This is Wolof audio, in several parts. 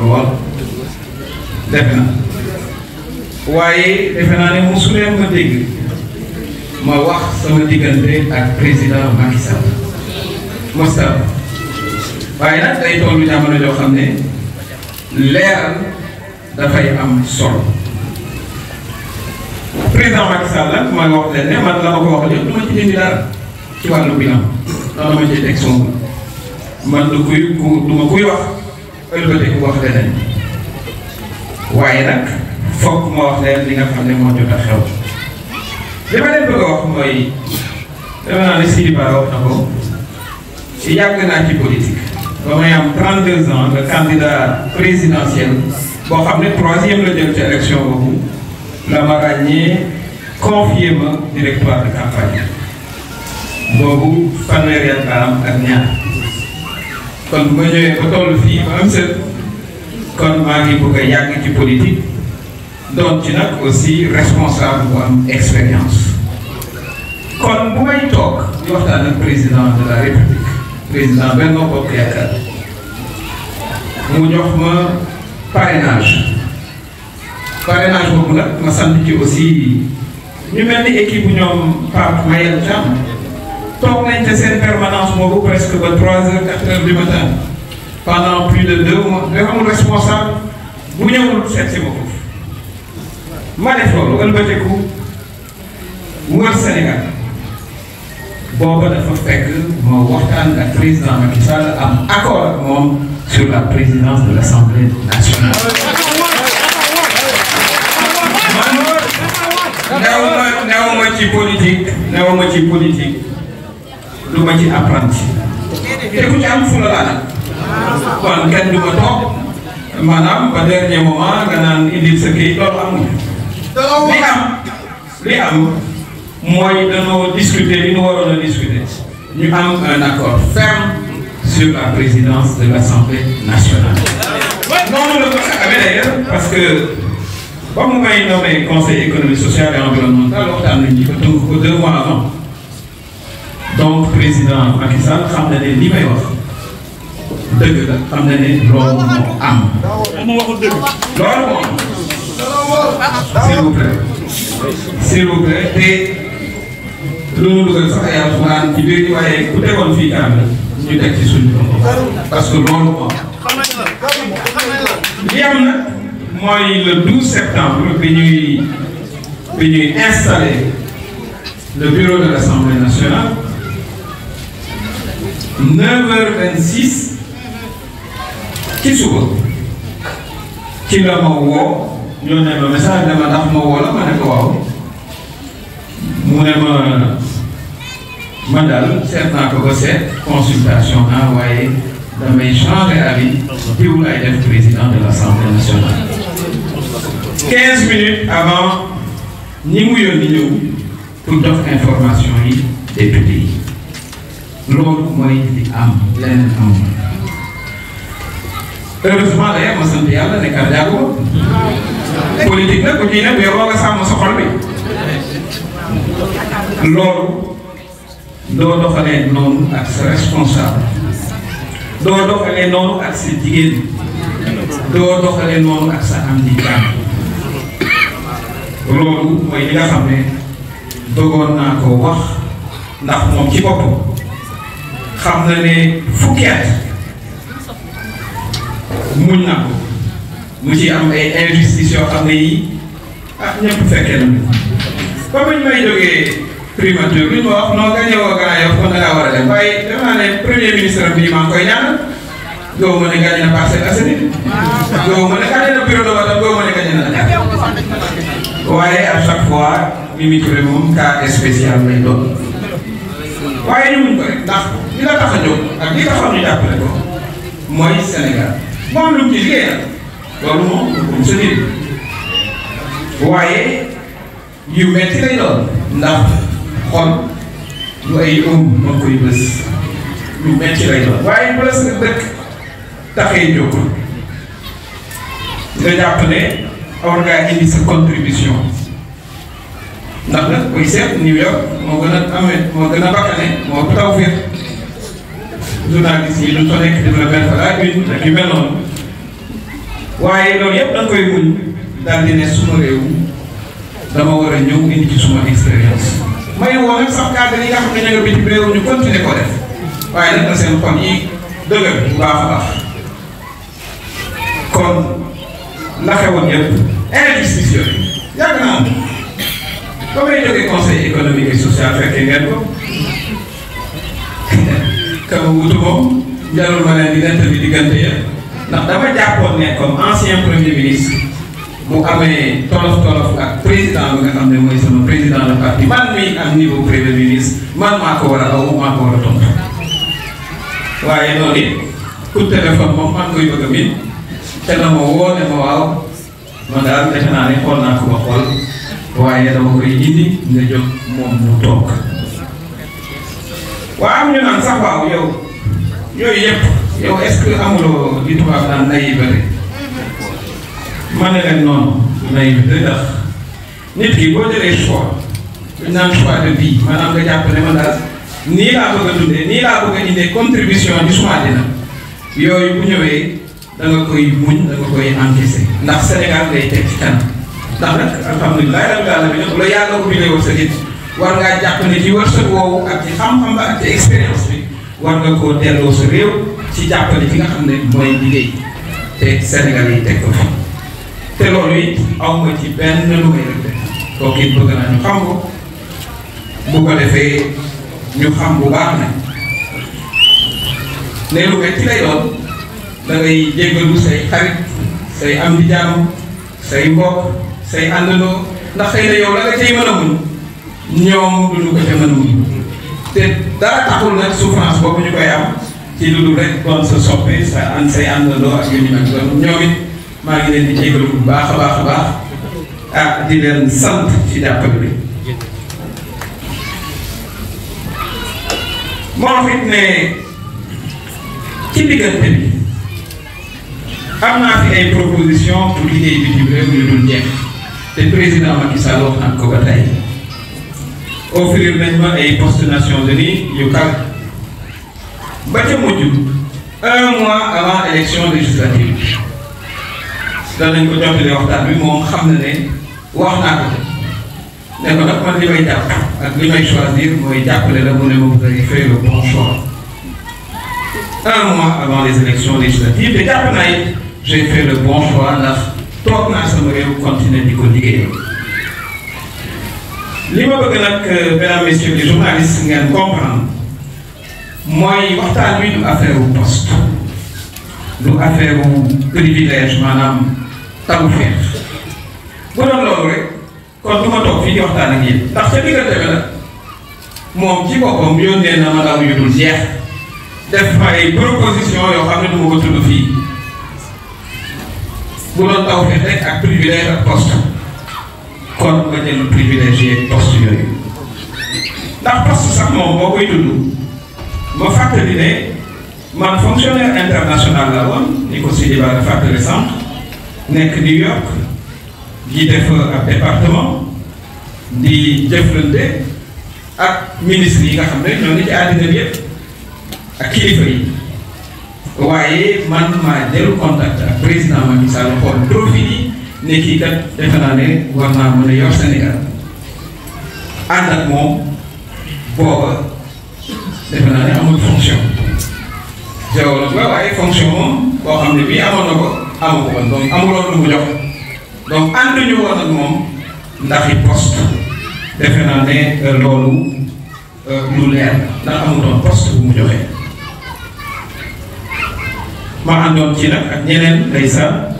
lool defe na waaye defe naa ne mosu leen ma dégg ma wax sama diggante ak président Macky Sall waaye nag day toll jamono joo xam ne leeral dafay am solo président Macky Sall nag ma wax leen man la ma ko wax lépp du ma ci dindi dara ci wàllu bilan dama ci teg man du kuy du ma kuy wax ëllëg wax waaye nag fokk ma wax leen li nga xam ne moo jot a xew li ma leen wax mooy dama naa ne Sidi Ba wax na ko yàgg naa ci politique ba may am 32 ans le candidat présidentiel boo xam ne troisième la jël ci élection boobu la ma ràññee directoire de campagne boobu fanweeri at am ak ñaar. kon bu ma ñëwee ba toll fii ba am sën kon maa ngi bëgg a yàgg ci politique doon ci nag aussi responsable bu am expérience. kon bu may toog di waxtaan ak président de la république président Benno Bokk Yaakaar mu jox ma parrainage parrainage boobu nag ma sant ci aussi ñu mel ni équipe bu ñoom Pape Mayel Thiam. toog nañ ca seen permanence boobu presque ba trois heures quatre plus de deux mois dafa amul responsable bu ñëwul seet si ma ko ma def loolu ëlbateku wër Sénégal booba dafa ma waxtaan ak président Macky Sall am accord ak sur la présidence de l'Assemblée nationale. man néew ma néew ma ci politique néew ma ci politique. du ma ci apprenti te ku ci am fula laa nag kon kenn du ma toog maanaam ba dernier moment nga naan indil sa kii loolu amul li am li am mooy dañoo discuter li ñu waroon a discuter ñu am un accord ferme sur la présidence de l'Assemblée nationale noonu la ko sa amee d'ailleurs parce que ba mu may nommé conseil économique social et environnemental waxtaan nañ ñu ko tënk ko deux mois donc président Macky Sall li may wax dëgg la xam na ne moo am. mu loolu moo am. s'il vous plaît. s'il vous plaît te loolu dugal sax ay alxuraan ci biir waaye ku tegoon fii kàddu ñu teg ci parce que loolu moo am. li am nag le septembre bi ñuy bi le bureau de l'Assemblée nationale. 9h26 ci suba ci la ma woo ñoo ne ma message dama ndax ma woo la ma ne ko waaw mu ne ma ma daal seet naa ko ba seet consultation envoyé damay changer avis diw laay def président de l'Assemblée nationale. 15 minutes avant ñi mu yónni ñëw pour jox information yi député loolu mooy li am leneen amul heureusement d'ailleurs ma sant yàlla ne cardiaque woon politique nag ku ciy ne mais woo nga sàmm sa bi loolu doo doxalee noonu ak sa responsable doo doxalee noonu ak sa jigéen doo doxalee noonu ak sa am di loolu mooy li nga xam ne dogoon naa ko wax ndax moom ci boppam xam na ne fukki at muñ na ko mu ci am ay injustice yoo xam ne yi ah ñëpp fekkee nañu ko ba ñu may jógee primature bi ma wax non nga ñëw ak Grand Yoff kon da ngaa war a dem waaye def naa ne premier ministre bi maa ngi koy ñaanal doo mën a gagné na Parcelles Assainies doo mën a gagné na bureau de vote doo mën a gagné na waaye à chaque fois Mimi Touré moom cas spécial lay doon waaye ñu ko rek ndax li la tax a jóg ak li taxaw mooy Sénégal moo am lu mu ci waaye yu metti lay xol lu ay ëmb moo koy bës yu metti waaye bu la sa dëkk taxee jóg nga jàpp ne war contribution ndax nag koy New York moo gën moo gën a bakkane moo ko taw journaliste yi lu soo nekk def la benn fa ak yu mel noonu waaye loolu yëpp da koy muñ daal di ne dama war a ñëw indi ci suma expérience. may woo même sax cadre yi nga xam ne ña nga bitim réew ñu continuer ko def waaye na seen xol yi dëgër bu baax a baax kon la xewoon yëpp investisseurs yi yàgg naa am ba may conseil économique et social fekkee ngeen ko. kama wutu ko jarul ma leen di nettali diggante ya ndax dama jàppoon ne comme ancien premier ministre bu amee tolof tolof ak président bi nga xam ne mooy sama président de parti man mii am niveau premier ministre man maa ko war a aw maa ko war a tontu waaye noonu it ku téléphone moom man koy bëgg a min te na ma woo ne ma waaw man daal defe naa ko ma xool waaye dama koy indi nga jóg moom mu toog waaw am ñu naan sax waaw yow yooyu yëpp yow est-ce que amuloo li tubaab naan nayi bëri ma ne leen noonu nayi bi day tax nit ki boo jëlee choix dañ naan choix de vie maanaam nga jàpp ne man daal nii laa bëgg a dundee nii laa bëgg a indee contribution bi suma dina yooyu bu nga koy muñ da nga koy encaissé ndax Sénégal day teg ci kanam ndax nag alhamdulilah rabbil alamin bu la yàlla ubbi lay wërsëg war ngaa jàpp ne ci wërsëg woowu ak ci xam-xam ba ak ci expérience bi war nga koo delloo réew ci jàppale bi nga xam ne mooy liggéey te Sénégal yi teg ko fi te loolu it aw ci benn lu may def kooku it bëgg naa ñu xam ko bu ko defee ñu xam bu baax na ne lu ci lay doon da ngay say xarit say am di say mbokk say àndandoo ndax xëy na yow la nga cay mën a muñ ñoom duñu ko jëfandiku te dara taxul nag souffrance boobu ñu koy am ci lu dul rek doon sa sa an say àndandoo ak yu ñu mel noonu ñoom it maa ngi leen di jégalu bu baax a a baax ah di leen sant ci jàppale bi. moo ne ci diggante bi fi ay proposition pour liggéey bi ci réew mi dul jeex te président Macky Sall na ko offrir nañ ma ay poste Nations Unies yu kàgg ba ca mujj un mois avant élection législative bi danañ ko jottali waxtaan bi moom xam na ne wax naa ko ne ko nag man li may jàpp ak li may choisir mooy jàppale la mu ne ma bëgg faire le bon choix un mois avant les élections législatives te jàpp naa it j'ai fait le bon choix ndax toog naa sama réew continuer di ko liggéeyal. li ma bëgg nag euh, mesdames messieurs les journalistes ngeen comprendre mooy waxtaan wi du affaire wu poste du affaire wu privilège maanaam tawu feex bu rek kon du fii di waxtaan ak yéen ndax ca diggante bi nag moom ci boppam yónnee na ma daaw yu dul jeex def ay proposition yoo xam ne du ma ko tudd fii bu doon taw feex ak privilège ak kon nga jël privilégié poste yooyu ndax poste sax moom boo koy dund ma fàttali ne man fonctionnaire international la woon ni ko Sidi Ba fàttali sànq nekk New York di def ab département di jëflante ak ministre yi nga xam ne ñoo ngi ci àddina bi yëpp ak kilifa yi waaye man maa jël contact ak président Macky Sall xool trop fii. ne kii kat defe naa ne war naa mën a yor Sénégal ànd moom booba defe naa ne amul fonction géologue la waaye fonction boo xam ne bii amoon na ko amu ko woon donc amuloon mu jox donc ànduñu woon ak moom ndaxi poste defe ne euh, loolu euh, lu leer ndax amuloon poste bu mu joxee ma àndoon ci nag ak ñeneen ndeysaan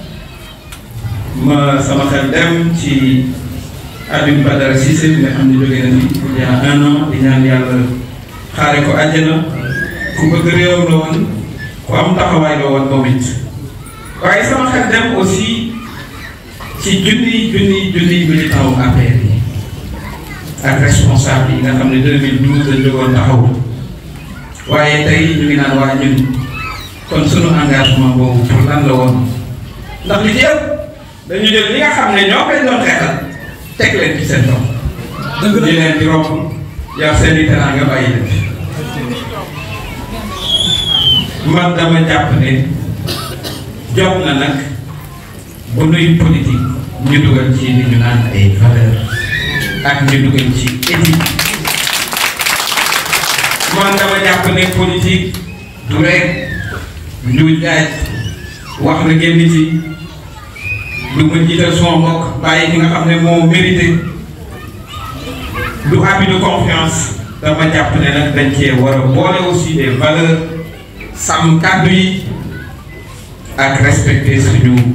ma sama xel dem ci Habib Badara Cissé bi nga xam ne jóge na fi il y a un an ko àjjana la woon ku am taxawaay waaye sama xel dem aussi ci junniy junniy junniy militant wu APR yi ak responsable yi nga xam ne 2012 la jógoon taxaw waaye tey ñu ngi naan waa ñun kon sunu engagement boobu pour la woon ndax li ci ëpp dañu jël ñi nga xam ne ñoo koy doon xeexal teg leen ci seen tool. dëgg la di leen di romb yow nga bàyyi leen. man dama jàpp ne jot na nag bu nuy ñu dugal ci li ñu naan ay valeur ak ñu dugal ci éthique. man dama jàpp ne politique du rek ñu jaaj wax na génn ci. du ma jiital sama mbokk bàyyi ki nga am ne moo mérité du habit de confiance dama jàpp ne nag dañ cee war a boole aussi des valeurs sàmm kàddu yi ak respecter suñu